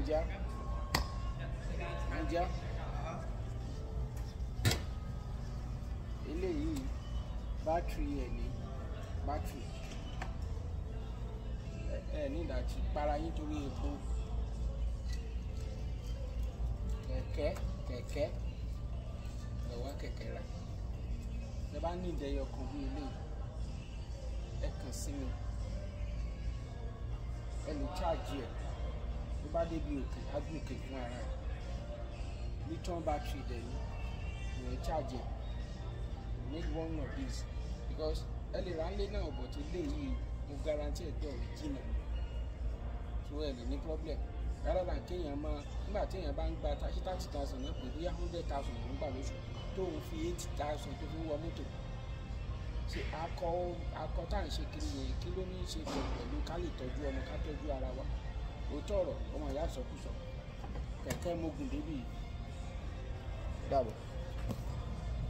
Niger. Niger. Eléyìí bátìrì ẹ̀ ní bátìrì ẹ̀ ní ìdájí para yín torí epo kẹ̀kẹ́ kẹ̀kẹ́ ẹ wá kẹ̀kẹ́ rà ẹ bá de ìdẹ́yọ kan bí eléyìí ẹ kàn sí mi ẹ lè cháàjì bá débi òkè á gbé òkè fún ara rẹ̀ return battery dẹ̀ ni ìyẹn charge ẹ̀ make one of these because ẹ lè ra nílé náà bọ̀ tó lé yìí mo guarantee ẹ̀ pé ọ̀rẹ́ jìnnà so ẹ lè ní problem rather than kéèyàn máa nígbà téèyàn bá ń gba thirty thirty thousand náà pé bóyá hundred thousand ló ń gbà lóṣù tóun fi eight thousand tó fi ń wọ mọ́tò ṣe akọ akọ tá à ń ṣe kiri yẹn kí ló ní í ṣe pẹ̀lú ká lè tọ́jú ọmọ ká tọ́jú ara wa òótọ́ ọ̀rọ̀ ọmọ ìyá sọkúsọ kẹ̀kẹ́ mogun débì dàbọ̀.